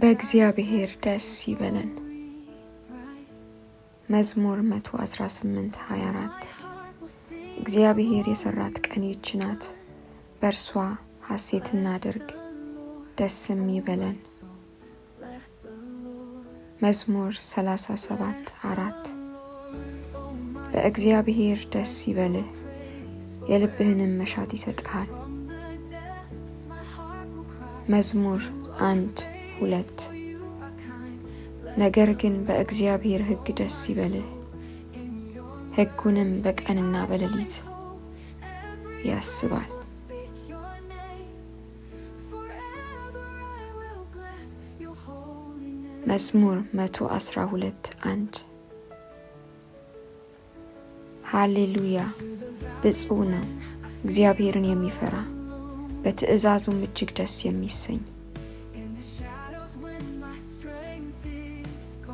በእግዚአብሔር ደስ ይበለን። መዝሙር 118 24 እግዚአብሔር የሰራት ቀን ይች ናት፣ በእርሷ ሐሴት እናድርግ ደስም ይበለን። መዝሙር 37 4 በእግዚአብሔር ደስ ይበልህ የልብህንም መሻት ይሰጥሃል። መዝሙር አንድ ሁለት ነገር ግን በእግዚአብሔር ሕግ ደስ ይበልህ፣ ሕጉንም በቀንና በሌሊት ያስባል። መዝሙር መቶ አስራ ሁለት አንድ ሃሌሉያ! ብፁዕ ነው እግዚአብሔርን የሚፈራ በትእዛዙም እጅግ ደስ የሚሰኝ።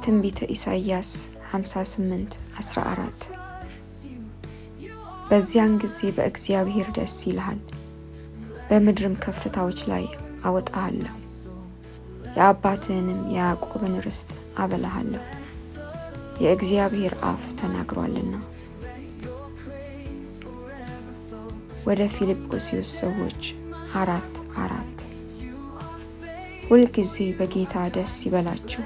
ትንቢተ ኢሳይያስ 58 14 በዚያን ጊዜ በእግዚአብሔር ደስ ይልሃል፣ በምድርም ከፍታዎች ላይ አወጣሃለሁ፣ የአባትህንም የያዕቆብን ርስት አበላሃለሁ፣ የእግዚአብሔር አፍ ተናግሯልና። ወደ ፊልጵስዩስ ሰዎች አራት አራት ሁልጊዜ በጌታ ደስ ይበላችሁ፣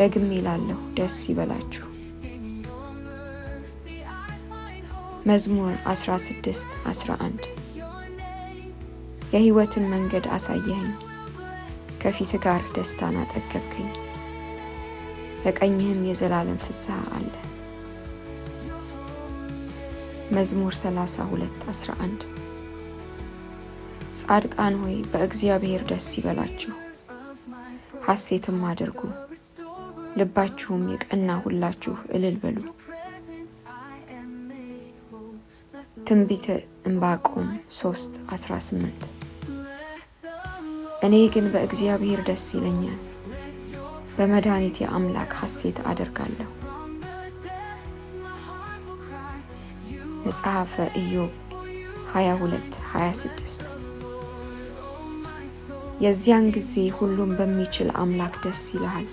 ደግሜ ላለሁ ደስ ይበላችሁ። መዝሙር 16 11 የሕይወትን መንገድ አሳየኸኝ፣ ከፊት ጋር ደስታን አጠገብከኝ፣ በቀኝህም የዘላለም ፍስሐ አለ። መዝሙር 32 11 ጻድቃን ሆይ በእግዚአብሔር ደስ ይበላችሁ፣ ሐሴትም አድርጉ፣ ልባችሁም የቀና ሁላችሁ እልል በሉ። ትንቢተ ዕንባቆም 3 18 እኔ ግን በእግዚአብሔር ደስ ይለኛል፣ በመድኃኒቴ አምላክ ሐሴት አደርጋለሁ። መጽሐፈ ኢዮብ 22 26 የዚያን ጊዜ ሁሉም በሚችል አምላክ ደስ ይልሃል፣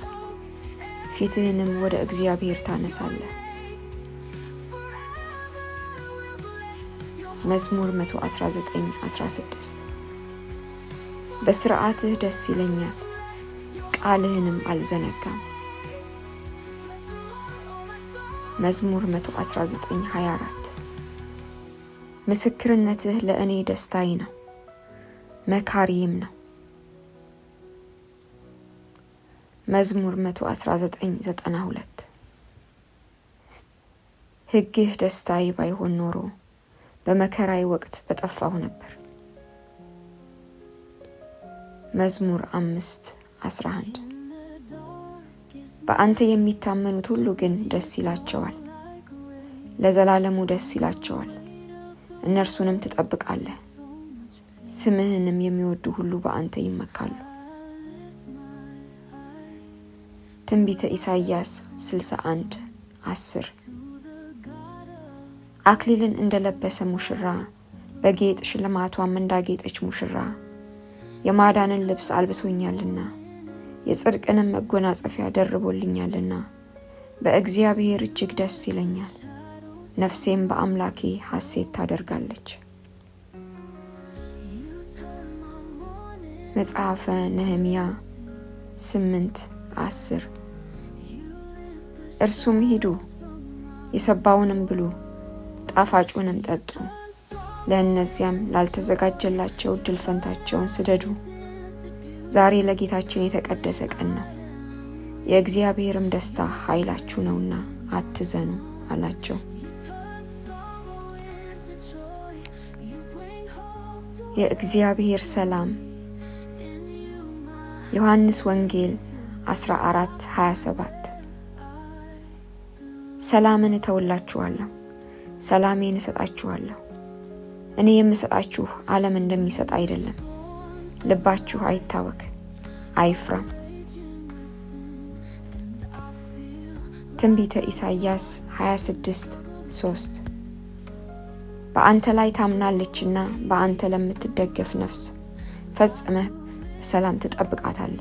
ፊትህንም ወደ እግዚአብሔር ታነሳለህ። መዝሙር 119:16 16 ደስ ይለኛል፣ ቃልህንም አልዘነጋም። መዝሙር 119 24 ምስክርነትህ ለእኔ ደስታይ ነው፣ መካሪም ነው። መዝሙር 119:92 ህግህ ደስታይ ባይሆን ኖሮ በመከራይ ወቅት በጠፋሁ ነበር። መዝሙር 5:11 በአንተ የሚታመኑት ሁሉ ግን ደስ ይላቸዋል፣ ለዘላለሙ ደስ ይላቸዋል። እነርሱንም ትጠብቃለህ። ስምህንም የሚወዱ ሁሉ በአንተ ይመካሉ። ትንቢተ ኢሳይያስ 61 10 አክሊልን እንደለበሰ ሙሽራ በጌጥ ሽልማቷም እንዳጌጠች ሙሽራ የማዳንን ልብስ አልብሶኛልና የጽድቅንም መጎናጸፊያ ደርቦልኛልና በእግዚአብሔር እጅግ ደስ ይለኛል። ነፍሴም በአምላኬ ሐሴት ታደርጋለች። መጽሐፈ ነህምያ ስምንት አስር እርሱም ሂዱ የሰባውንም ብሉ ጣፋጩንም ጠጡ፣ ለእነዚያም ላልተዘጋጀላቸው ድል ፈንታቸውን ስደዱ። ዛሬ ለጌታችን የተቀደሰ ቀን ነው፣ የእግዚአብሔርም ደስታ ኃይላችሁ ነውና አትዘኑ አላቸው። የእግዚአብሔር ሰላም ዮሐንስ ወንጌል 14 27 ሰላምን እተውላችኋለሁ፣ ሰላሜን እሰጣችኋለሁ። እኔ የምሰጣችሁ ዓለም እንደሚሰጥ አይደለም። ልባችሁ አይታወክ፣ አይፍራም። ትንቢተ ኢሳይያስ 26 3 በአንተ ላይ ታምናለችና በአንተ ለምትደገፍ ነፍስ ፈጽመህ በሰላም ትጠብቃታለ።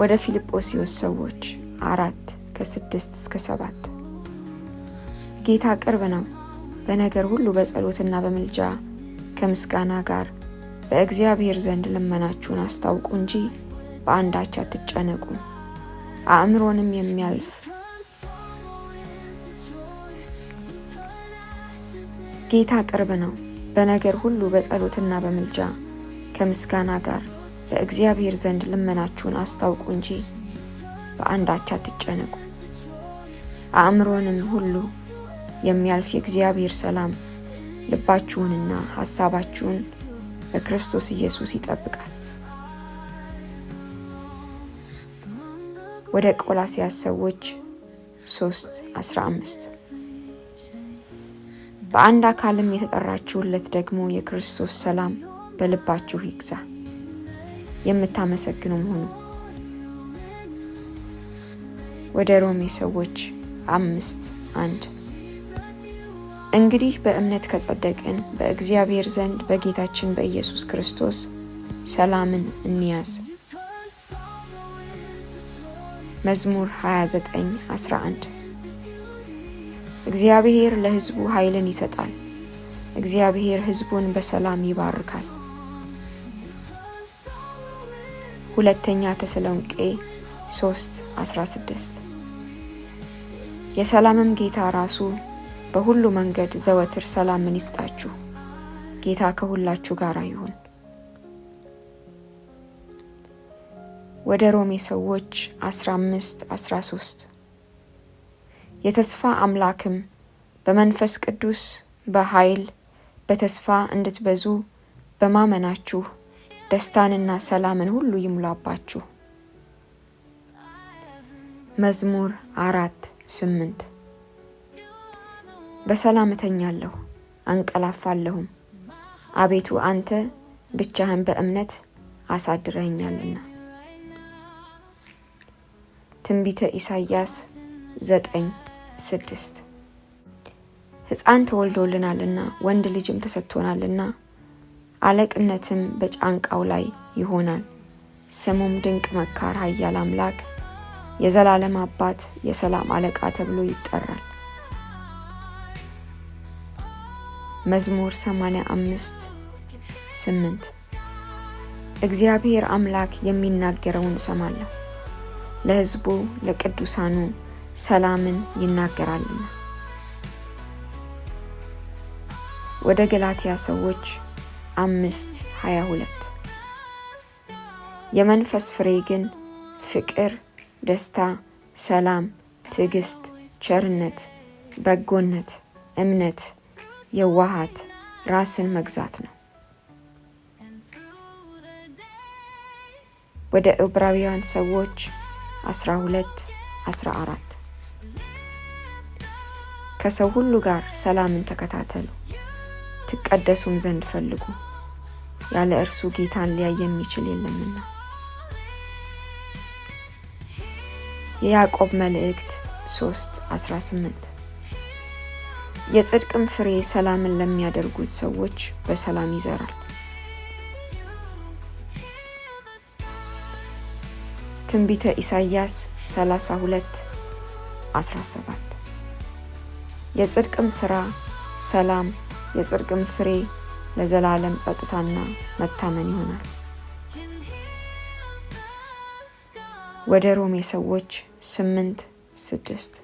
ወደ ፊልጶስዮስ ሰዎች አራት ከስድስት እስከ ሰባት ጌታ ቅርብ ነው። በነገር ሁሉ በጸሎትና በምልጃ ከምስጋና ጋር በእግዚአብሔር ዘንድ ልመናችሁን አስታውቁ እንጂ በአንዳች አትጨነቁ። አእምሮንም የሚያልፍ ጌታ ቅርብ ነው። በነገር ሁሉ በጸሎትና በምልጃ ከምስጋና ጋር በእግዚአብሔር ዘንድ ልመናችሁን አስታውቁ እንጂ በአንዳች አትጨነቁ። አእምሮንም ሁሉ የሚያልፍ የእግዚአብሔር ሰላም ልባችሁንና ሐሳባችሁን በክርስቶስ ኢየሱስ ይጠብቃል። ወደ ቆላሲያስ ሰዎች 3 15 በአንድ አካልም የተጠራችሁለት ደግሞ የክርስቶስ ሰላም በልባችሁ ይግዛ። የምታመሰግኑም ሆኑ ወደ ሮሜ ሰዎች አምስት አንድ እንግዲህ በእምነት ከጸደቅን በእግዚአብሔር ዘንድ በጌታችን በኢየሱስ ክርስቶስ ሰላምን እንያዝ። መዝሙር 29 11 እግዚአብሔር ለሕዝቡ ኃይልን ይሰጣል። እግዚአብሔር ሕዝቡን በሰላም ይባርካል። ሁለተኛ ተሰሎንቄ 3 16 የሰላምም ጌታ ራሱ በሁሉ መንገድ ዘወትር ሰላምን ይስጣችሁ። ጌታ ከሁላችሁ ጋር ይሁን። ወደ ሮሜ ሰዎች 15 13 የተስፋ አምላክም በመንፈስ ቅዱስ በኃይል በተስፋ እንድትበዙ በማመናችሁ ደስታንና ሰላምን ሁሉ ይሙላባችሁ። መዝሙር አራት ስምንት በሰላም እተኛለሁ አንቀላፋለሁም፣ አቤቱ አንተ ብቻህን በእምነት አሳድረኛልና። ትንቢተ ኢሳይያስ ዘጠኝ ስድስት ሕፃን ተወልዶልናልና ወንድ ልጅም ተሰጥቶናልና አለቅነትም በጫንቃው ላይ ይሆናል። ስሙም ድንቅ መካር፣ ኃያል አምላክ፣ የዘላለም አባት፣ የሰላም አለቃ ተብሎ ይጠራል። መዝሙር 85 ስምንት እግዚአብሔር አምላክ የሚናገረውን እሰማለሁ፣ ለሕዝቡ ለቅዱሳኑ ሰላምን ይናገራልና። ወደ ገላትያ ሰዎች አምስት 22 የመንፈስ ፍሬ ግን ፍቅር፣ ደስታ፣ ሰላም፣ ትዕግስት፣ ቸርነት፣ በጎነት፣ እምነት፣ የዋሃት፣ ራስን መግዛት ነው። ወደ ዕብራውያን ሰዎች 12 14 ከሰው ሁሉ ጋር ሰላምን ተከታተሉ፣ ትቀደሱም ዘንድ ፈልጉ፣ ያለ እርሱ ጌታን ሊያይ የሚችል የለምና። የያዕቆብ መልእክት 3 18 የጽድቅም ፍሬ ሰላምን ለሚያደርጉት ሰዎች በሰላም ይዘራል። ትንቢተ ኢሳይያስ 32 17 የጽድቅም ሥራ ሰላም፣ የጽድቅም ፍሬ ለዘላለም ጸጥታና መታመን ይሆናል። ወደ ሮሜ ሰዎች ስምንት ስድስት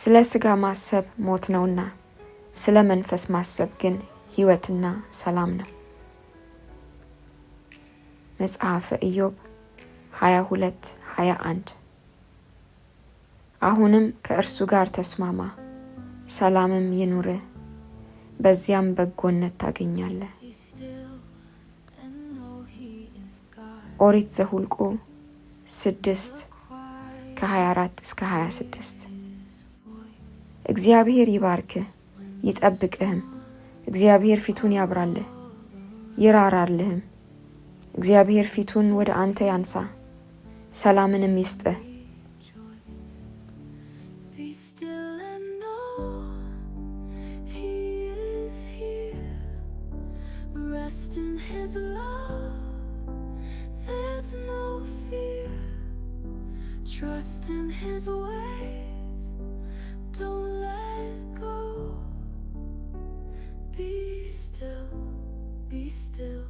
ስለ ሥጋ ማሰብ ሞት ነውና ስለ መንፈስ ማሰብ ግን ሕይወትና ሰላም ነው። መጽሐፈ ኢዮብ 22 21 አሁንም ከእርሱ ጋር ተስማማ፣ ሰላምም ይኑርህ፣ በዚያም በጎነት ታገኛለህ። ኦሪት ዘሁልቁ ስድስት ከ24 እስከ 26 እግዚአብሔር ይባርክህ ይጠብቅህም። እግዚአብሔር ፊቱን ያብራልህ ይራራልህም። እግዚአብሔር ፊቱን ወደ አንተ ያንሳ ሰላምንም ይስጥህ። Trust in His ways. Don't let go. Be still, be still.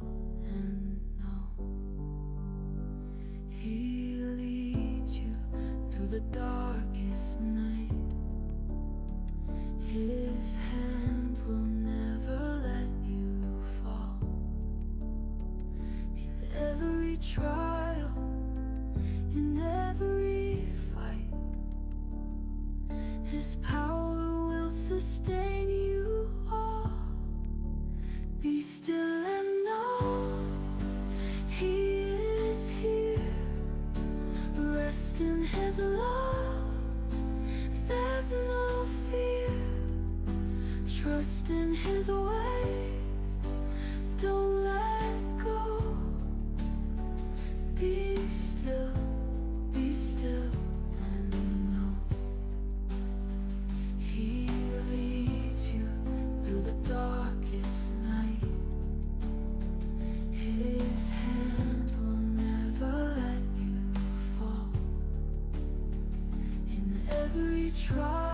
Trust in His ways. Don't let go. Be still, be still, and know He leads you through the darkest night. His hand will never let you fall. In every trial.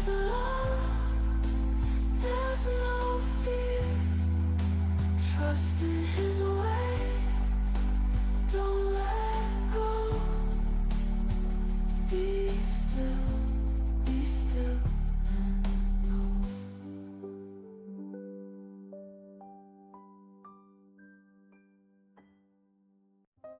is love.